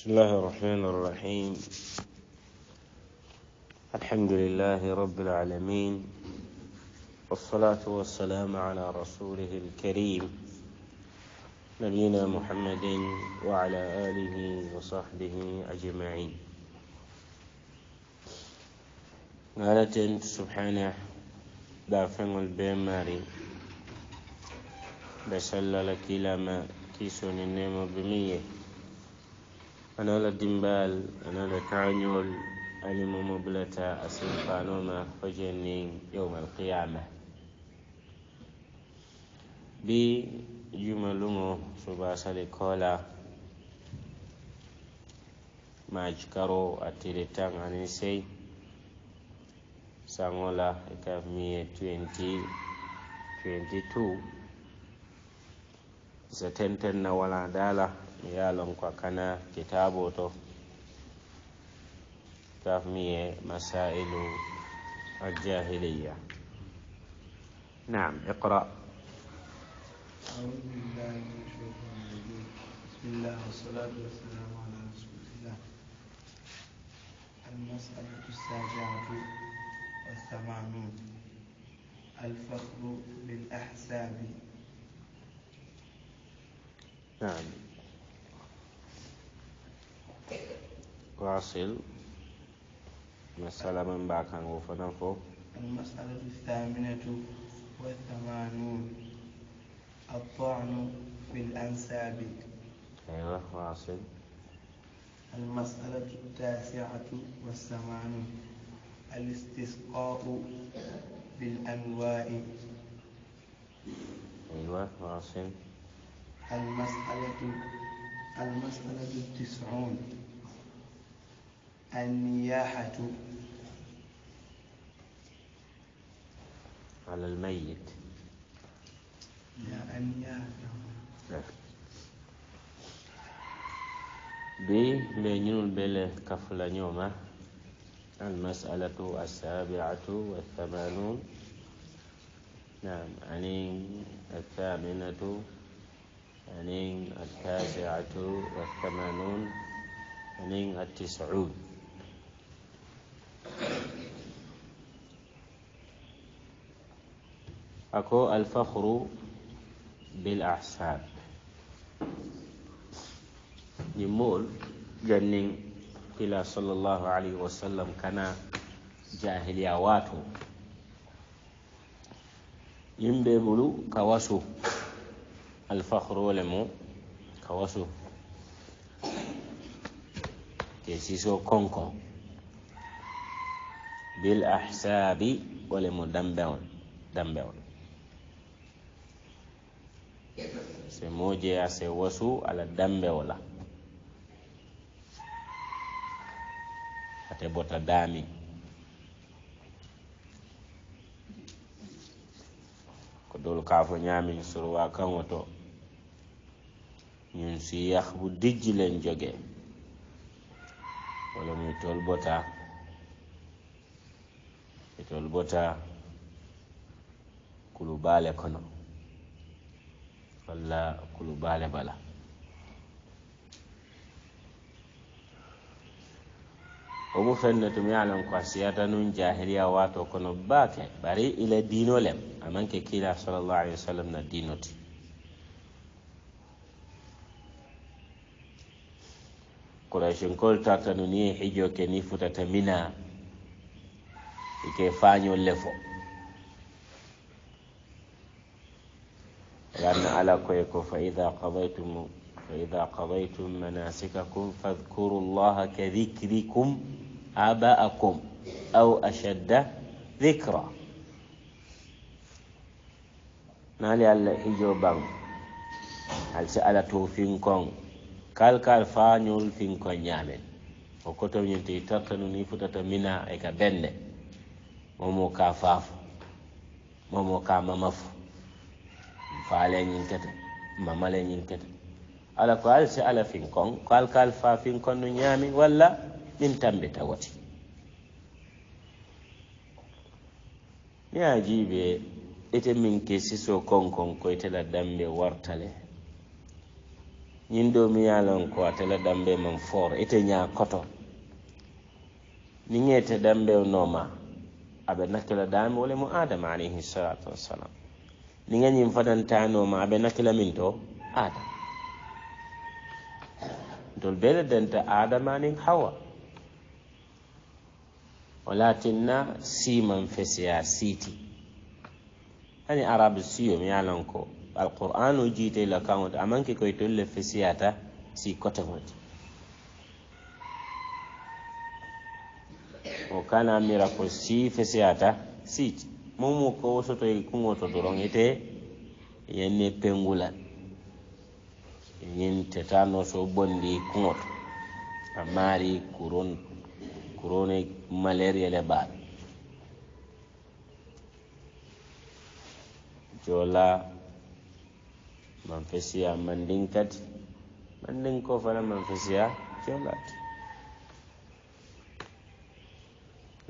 بسم الله الرحمن الرحيم الحمد لله رب العالمين والصلاة والسلام على رسوله الكريم نبينا محمد وعلى آله وصحبه أجمعين قالت سبحانه دافن البيم ماري بسلل كلا ما كيسون النيم بميه أنا لا دمبال أنا لا كعنيول ألم مبلة أسلطانوما فجنين يوم القيامة بي يوم لومو سباسة لكولا ما أجكرو أتريتان عنيسي سانولا إكاف مية تونتي تونتي تو زتنتن نوالا دالا ye a lon ko a kana kitabo to masailu نعم اقرأ أعوذ بالله من الشيطان الرجيم بسم الله والصلاة والسلام على رسول الله المسألة السابعة والثمانون الفخر بالأحساب نعم واصل مسألة من بعد كان وفنفو نعم، المسألة الثامنة والثمانون الطعن في الأنساب أيوة واصل المسألة التاسعة والثمانون الاستسقاء بالأنواع أيوة واصل المسألة المسألة التسعون النياحة على الميت لا النياحة بي بينون بلا كفلا يوما المسألة السابعة والثمانون نعم أنين الثامنة أنين التاسعة والثمانون أنين التسعون أكو الفخر بالأحساب نمول جنين إلى صلى الله عليه وسلم كان جاهل واتو يمبي بلو كواسو الفخر ولمو كواسو كيسيسو كونكو بالأحساب ولمو دمبون دمبون se mojeya se wasu ala dambewola ate bota dami ko dol kafo ñami surwa kaŋoto ñun si yah bu dijji len joge wala muy tol bota itol bota kulu baale kono falla kulu baale bala omu fenne tum ye alan ko a siyata nun jahiliya waato kono baake bari ila diino lem a aman ke kiila salallahu alaihi wa sallam na diino ti kuraysinkol tarta nu niŋ ye hijo ke niŋ futata mina i ke faañol le fo لأن على كويكو فإذا قضيتم فإذا قضيتم مناسككم فاذكروا الله كذكركم آباءكم أو أشد ذكرًا naali alla hijo baŋ ali si ala to finkoŋ kal kal faañol finkoŋ ñaamen o koto ñinti tartanu ni futata mina e ka bende momo ka faafu momo ka mamafu faaleñin kete mamaleñin kete ala ko al si ala fin kon ko alkaal faa fin kon no ñaami walla min tambe tawati mi a jiiɓe ite min ke siso konkon ko itela dambe wartale ñin ɗo mi yalon ko atela dambe man foor ite ñaa koto ni ŋeete dambe noma aɓe nakkela daami wole mo adama alayhi salatu wasalam ni nga ñiŋ fatantanoma a be nakila min to adam ntol bee le denta adama nin hawa walatinna siiman feseya siti ani arabu siyo mi ye a loŋ ko alqur'anu la kaŋo ti a ke koy tolu le si kota ti o kana mira ko si feseyata siti. momo ko wosoto e kuŋoto doron ite yen ne pengulan ñin tetano so bondi kuŋoto a maari kuron kurone malaria le baat jola manfesiya mandin kati mandin ko fana manfesiya jolati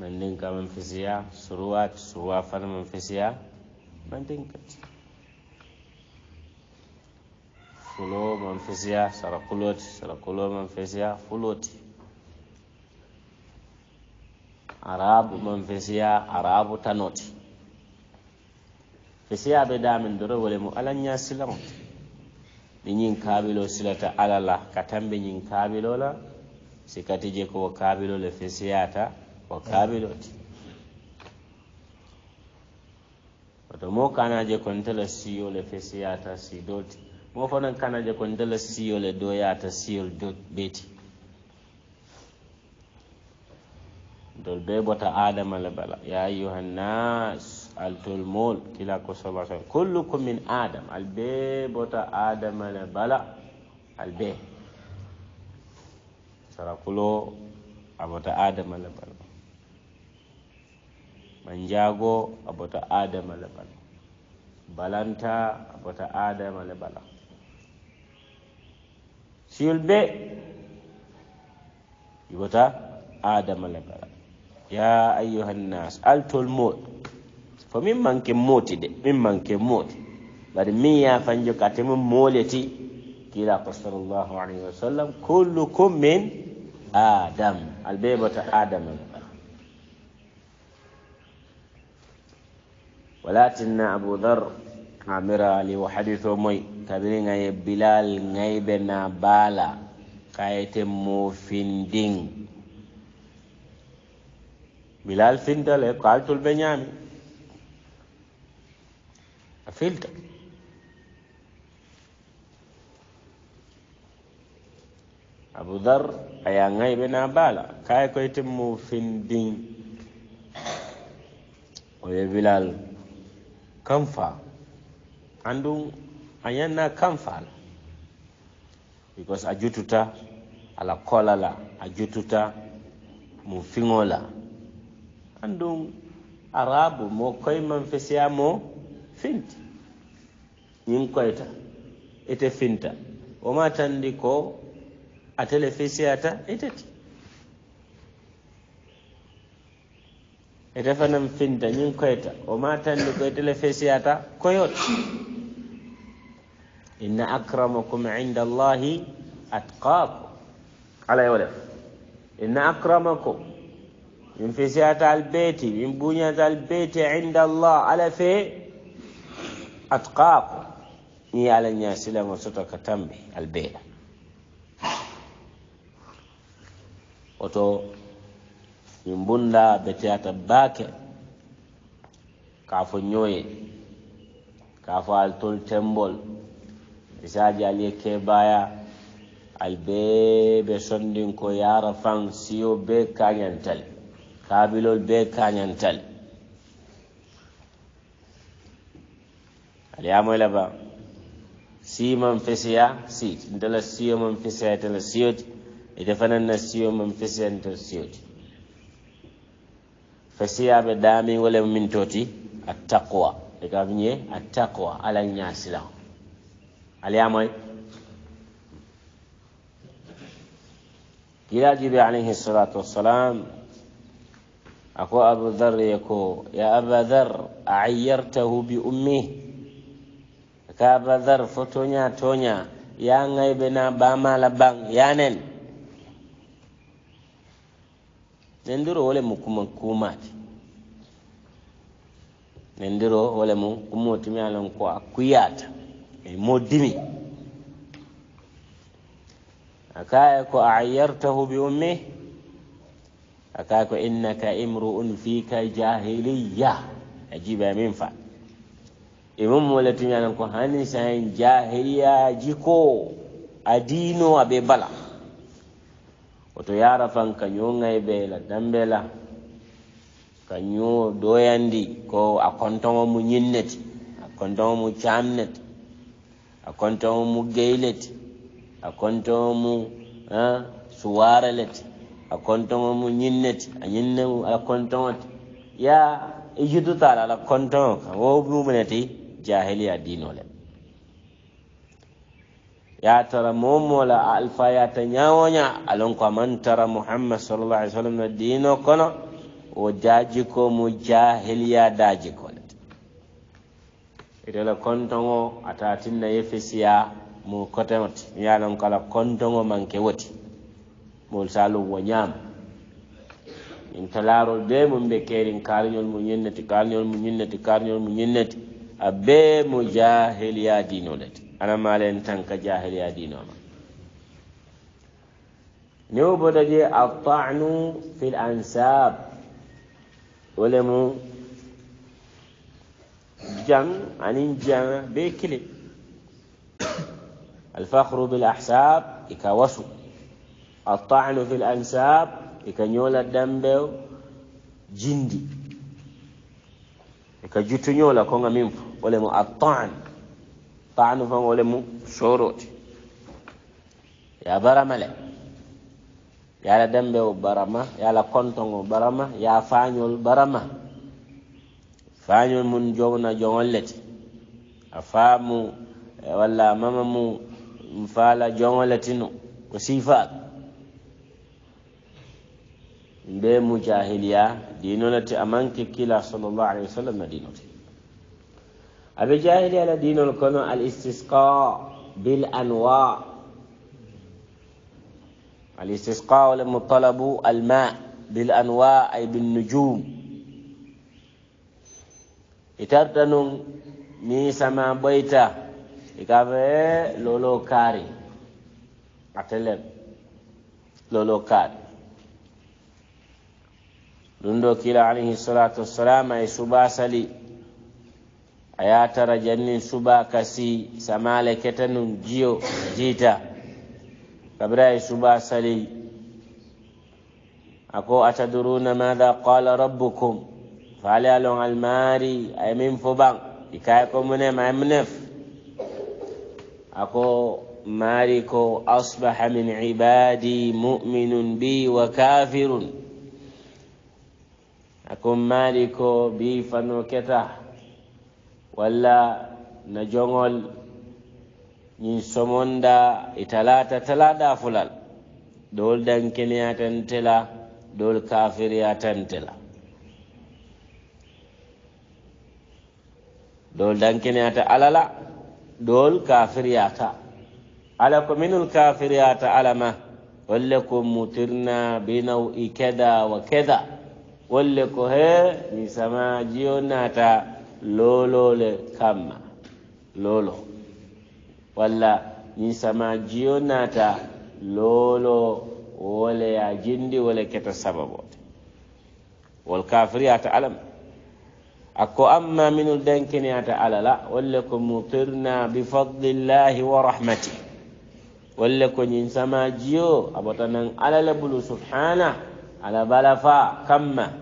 man ndinka man fisiya surwat surwa fana man fisiya man ndinkati fulo man fisiya sara kuloti sara kulo man fisiya fuloti arabu man fisiya arabu tanoti fisiya be damin doro wole mu alanya silamo ɗi ñin kabilo silata ala la ka tambi ñin kabilo la sikkati je ko kabilo le fisiyata o kaabiloti oto mo kanaje kontela e siyole fe siyata si doti mo fonan kanaje kontela siyole do yata siyol do beti dol be bota adama la bala ya ayuhannas altol mol kila ko sobaka kullukum min adam al be bota adama la bala al be sara kulo a bota adama la bala man jaago a bota adama le bala balanta a bota adama le bala siyolɓe yibota adama le bala ya ayohannas altol mot fo min manke moti de min manke moti bari min yafanjo katemi moleti kila ko salllahu alayhi wa sallam kullukum min adam albe bota adama le ولكن أبو ذر عمر علي وحديثه مي كبرين أي بلال نيبنا بالا كايت موفندين بلال فندل قالت البنيامي أفلت أبو ذر أي نيبنا بالا كايت موفندين ويا بلال kamfa andu ayanna kamfa because a jututa ala kola la a jututa mu fiŋo la arabu mo koye man fesiya mo finti ñiŋ koyta ite finta wo ma tandi ko atele fesiyata iteti ete fanan finta ñiŋ koyita wo ma tandi ko ite le fesiyata koyot inna akramakum inda allahi ala yo lef inna akramakum min fesiyata al beeti min buñata al ala fe atqakum ñi ala ñasilamo soto ka tambi al oto ñiŋ bunda beteyata bake ke ka fo ñoo ye ka fo ali tolu tembol isaaji ali ye keebaya ali bee be sondinko yaara faŋ siyo bee kañantali kaabilol bee kañantali ali ye a moyi labaŋ sii maŋ fesiya sii nte siyo maŋ fesiya ite siyo ite fanaŋ na siyo maŋ fesiya nte siyo ti fe siyaɓe dami wole min toti attaqwa e ka fiñe attaqwa ala ñasilan aliyamoy kila jibi alayhi salatu wassalam ako abu dhar yako ya abu dhar ayyartahu bi ummi e ka abu dhar fotonya tonya ya ngaybe na ba mala bang yanen nendiro wole mu kuma kumati nendiro wole mu kumo timi alon ko akuyata e modimi akaya ko ayyartahu bi ummi akaya ko innaka imru'un fika jahiliya ajiba min fa imam e wala timi alon ko hanin sahin jahiliya jiko adino abe bala koto yara fan kañoŋay bela dambela kaño doyandi ko a kontoŋo mu ñinneti a kontoŋo mu camneti a kontoŋo mu geyleti a kontoŋo mu suwareleti a kontoŋo mu ñinneti a ñinne mu e ala kontoŋoti ya ijututaala ala kontoŋo kawo mumeneti jahiliya dinole ya tara momola alfa ya ta nyawanya alon kwa man tara muhammad sallallahu alaihi wasallam na dino kono o jaji ko mu jahiliya daji ko ida la kontongo na yefesiya mu kote wati ya lon kala kontongo manke woti, mol salu wanyam in talaro be mun be kerin karnyol mu ñinnati karnyol mu ñinnati karnyol mu ñinnati a be mu jahiliya dino lati ala malen tanka jahiliya يا new boda je altanu fil ansab wolemu jang anin janga be kile الفخر بالأحساب إكوسو الطعن في الأنساب إكنيول الدمبو جندي إكجوتنيولا كونغا ميمفو ولمو الطعن faanu fanwole mu soorooti ye barama le ye ala dembewo barama ye ala kontoŋo barama ye a faañol e barama faañol mun joŋna joŋol le ti a faamu walla mama mu faala joŋo le ti nu ko siifaat mbe mujahiliya diino le ti a maŋke kila sallallahu alayhi wa sallam na diino ti أبي جاهل على دين الكون الاستسقاء بالأنواع الاستسقاء لما طلبوا الماء بالأنواع أي بالنجوم إتردن مي سما بيتا إكافي لولو كاري أتلم لولو كاري لندو كيلا عليه الصلاة والسلام أي سباسلي aya tara jannin suba kasi samale ketanu jiyo jita kabira e suba sali ako ataduruna Mada kala rabbukum Fale along almari ayamim fubang ikayako mune ikaye ako mariko ko asbaha min ibadi muminun bi wa kafirun ako mariko ko walla na joŋol ñin somonda e talata talaɗa fulal ɗol dankeneyatantela ɗol kafiriyatantela ɗol dankeneyata alala ɗol kafiriyata ala ko minul kafiriyata alama walle ko mutirna binaw i keda wa keda walle ko he ñin sama jiyo nata loolole kamma loolo walla ninsama jiyo naata loolo wole ya jindi wole keto sababote wol kafiri ata alam ako amma minul denkini ata alala wolle ko mutirna bifadlillahi wa rahmati wolle ko ninsama jiyo abota nan alala bulu subhana alabalafa kamma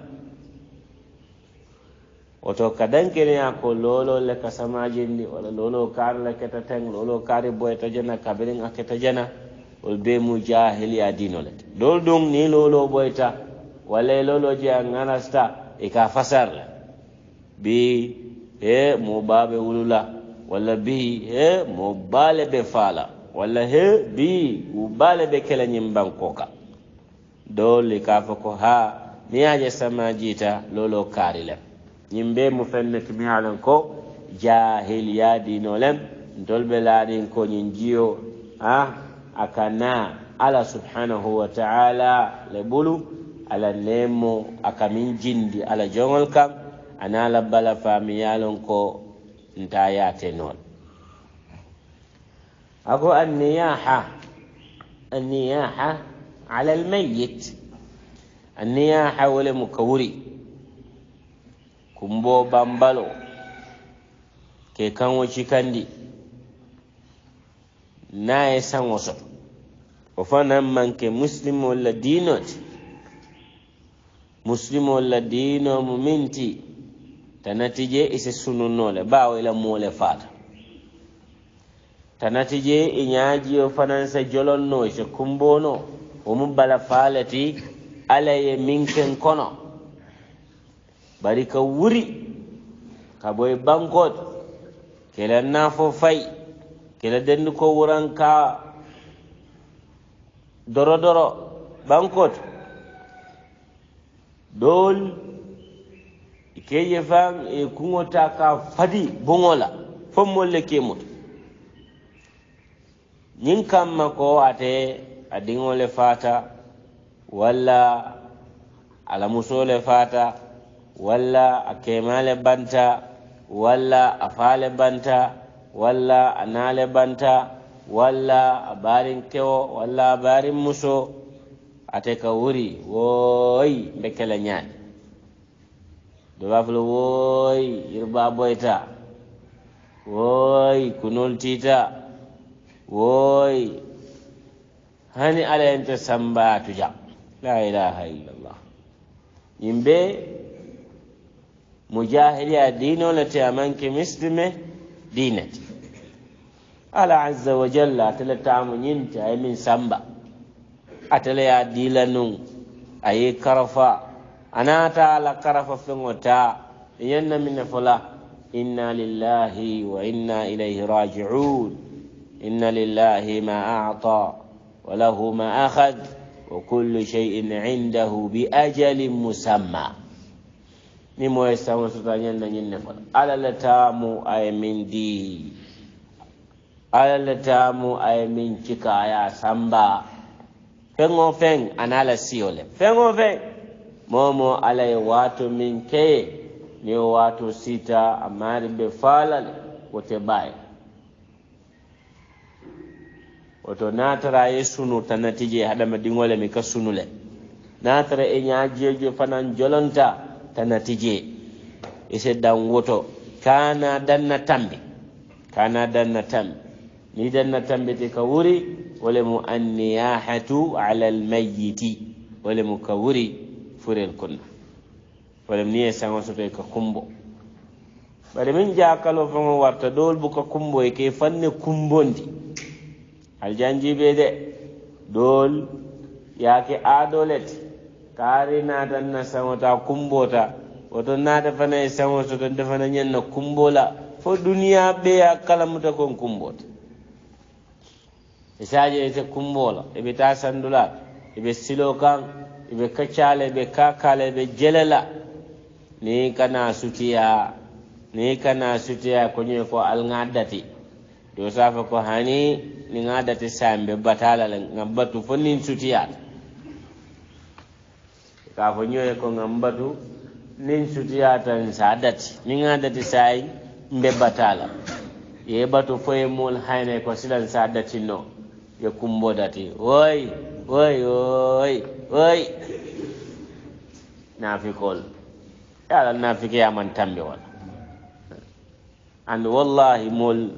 woto ka dankeneya ko lolo le ka samajinni walla lolo kare la keta teng lolo kare boyata jana kabiren a keta jana ol bemu jahilya dino le lolo ɗum ni lolo boyta walla e lolo je a ganasta e ka fasar la bi he mo baɓe wulula walla bi he mo bale ɓe faala walla he bi u bale ɓe kele ñimban koka dolli ka fo ko ha miyaje samajita lolo kari lem yimɓe mo fenneti mi haalan ko jahiliyadinolem dolɓe laaɗin koñin jiyo a akana ala subhanahu wa taala le ɓulu ala nemo akamin jindi ala jongol kam ana ala bala famiyalon ko nta yate noon ako anniyaha anniyaha ala almayit anniyaha wole mo ka wuri kumbo bambalo ke kanwo cikandi na ya e san wasu ofanan manke muslimo ladinot muslimo ladino muminti ta natije isa e sunun nole ba wa ila mole fata ta natije in e yaji ofanansa jolon no isa kumbo no umu bala falati alaye minkin kono bari ka wuri ka boy bankot kela nafo fay kela dendi ko wuran ka doro doro bankot dool keje fam e kuŋota ka fadi boŋola fo molle kemut ñiŋ kamma ko ate a diŋole fata walla alamusole fata walla a kemale banta walla a faale banta walla a naale banta walla a barin kewo walla a barin muso ate ka wuri woyi mbekkele ñaani duba fula woyi yirba boyta woyi kunol tiita woyi hani ala yente sambatu jam la ilaha illallah yimɓe مجاهل يا دين ولا تامنك مسلمة دينك على عز وجل أتلا أنت أي من سامبا أتلا يا دينون أي كرفا أنا تعالى كرفا في موتا ين من فلا إنا لله وإنا إليه راجعون إن لله ما أعطى وله ما أخذ وكل شيء عنده بأجل مسمى ni moye sawsota ñanna ñinne fota alala taamu aye min di alala taamu aye min cikaya samba feŋo feŋ anala siyo le feŋo feŋ momo alaye waato min keye ni waato sita amari be faala le wote baye woto natara ye sunu tan natije hadamadiŋo le mi ka sunu le natara e ñajeje fanan jolonta tana tije ise e dan woto kana danna tambi kana danna tambi ni danna tambi te ka wuri wale mu anniyahatu ala almayyiti wale mu ka wuri furel kunna wale ni e sango soto e ka kumbo bari min jakalo fango warta dol ka kumbo e ke fanne kumbondi be de dol yake adolet ka ari naatanna samota kumbota woto naata fana e samoto tan defana ñanna kumbola fo duniya ɓeya kala muta kon kumbota e sadio ete kumbola eɓe ta sandulal eɓe silo kan eɓe kaccala eɓe kakala eɓe jelela ni kana sutiya ni kana sutiya koñoy ko alngaddati do safa ko hani ni ngaddati sambe batalala ngam battu fo nin sutiyata kafo ñoye ko gam mbatu nin sutiya tan sa dati nin a dati sayi mbebbatala ye batu foye mool hayne ko silan sa datino yo kumbo dati oy oy oy oy nafikol yala nafikeyaman tambe wala and wallahi mool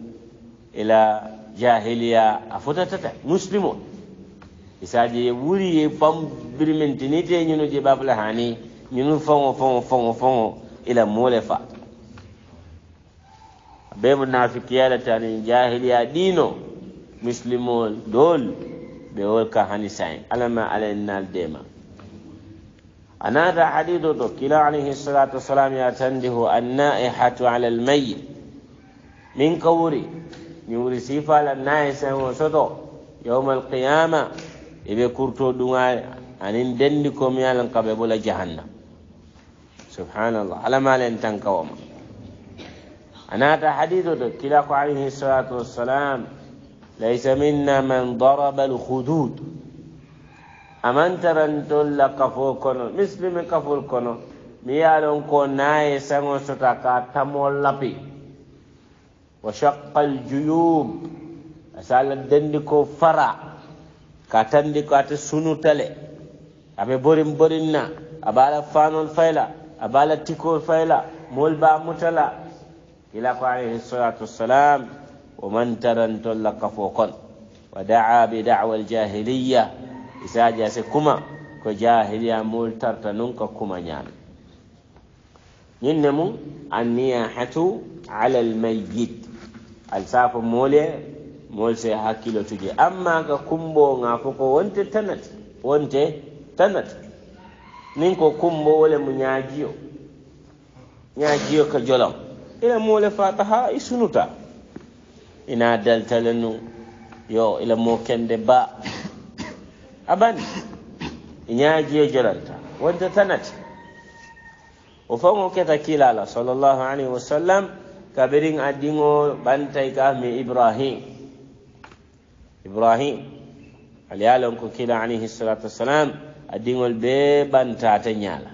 ila jahiliya a futatata muslimol isaje wuri ye pam birimintinite ñunu je bafula hani ñunu fongo fongo fongo fongo ila mole fa be mu munafikiya la tani jahiliya dino muslimol dol be wol ka hani sayin alama ala nal dema anata hadidu to kila alayhi salatu wassalam wasalam yatandihu annaihatu ala almayit min kawri wuri ñi wuri sifala nay sayin wo soto yawma alqiyama ibe kurto dunga anin dendi ko mi yalan kabe bola jahanna subhanallah ala malen tanka wama anata hadithu to kila ko alayhi salatu wassalam laysa minna man daraba alkhudud tulla kafo kono mislimi kafol kono mi yalon ko nae sango sota ka tamol lapi وشق الجيوب أسأل asala فرع katandi ko ate sunutale aɓe borin borin na aɓa ala fanol fayla aɓa ala tikol fayla mutala ila ko alayhi salatu wassalam o mantaran tolla kafo kon wa daa bi dawa aljahiliya isaji ase kuma ko jahiliya mol tarta nun ko kuma moyse hakkilo tuji amma ka kumbonga fo ko wonte tanate wonte tanate nin ko kumbo wole mo ñaajiyo ñaajiyo ka jolom ila moole fata ha i sunuta ina daltale nu yo ila mo kende ba abani i ñaajiyo jolanta wonte tanate o fango keta kilala sallllahu alayhi wa sallam kabirin addiŋo ɓantay ka mi ibrahim ibrahim ali ye lon ko kila alayhi salatu wassalam adiŋol bee banta ate ñaala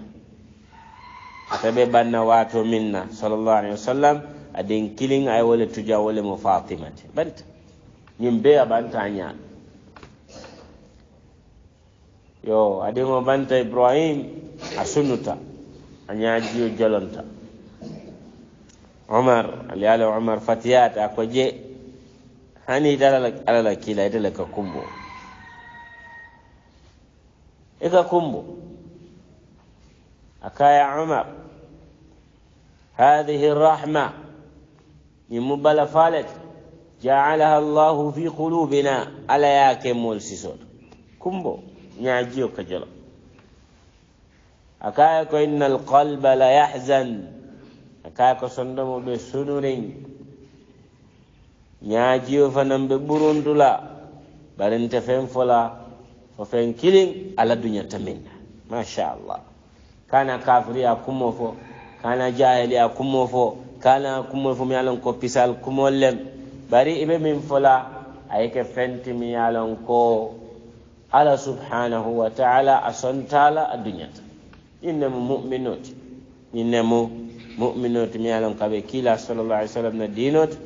ate be banna waato min na salallahu alayhi wa sallam adiŋ kiliŋ aye tuja wo mo fatimate banta ñiŋ bee a banta ñaala yo adiŋo banta ibrahim a sunuta a ñaa jiyo jolonta umar ali ye lo umar fatiyata a hani ita ala la kila ita la ka kumbo ika kumbo akaya umar هذه الرحمة من مبلا فالت جعلها الله في قلوبنا على ياكم والسسود كمبو نعجيو كجلا أكايكو إن القلب لا يحزن أكايكو صندمو بسنورين ñaajiyo fanan ɓe ɓurundula barinta fen fola fo fen kilin ala duñata min machallah kana kafriya kummo fo kana jahiliya kummo fo kana kummo fo mi yalon ko pisal kumol lem bari iɓe min fola ayike fenti mi yalon ko ala subhanahu wa taala a sontala a duñata innemo muminote innemo muminote mi yalon kaɓe kila sallallah alih w sallam no dinote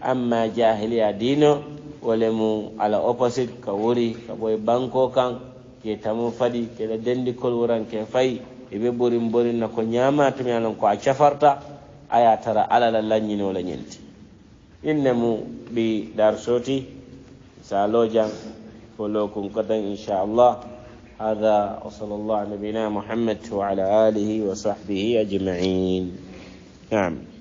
amma jahiliya dino wale mu ala opposite ka wuri ka boye banko kan ke tamu fadi keɗa kol wuran ke fai ibe burin burin na ko to mi alon ko a cafarta aya tara alala laññinola nyenti inne mu bi dar soti lojan ko lokun wa sallallahu هذا wa الله على wa محمد وعلى آله وصحبه أجمعين نعم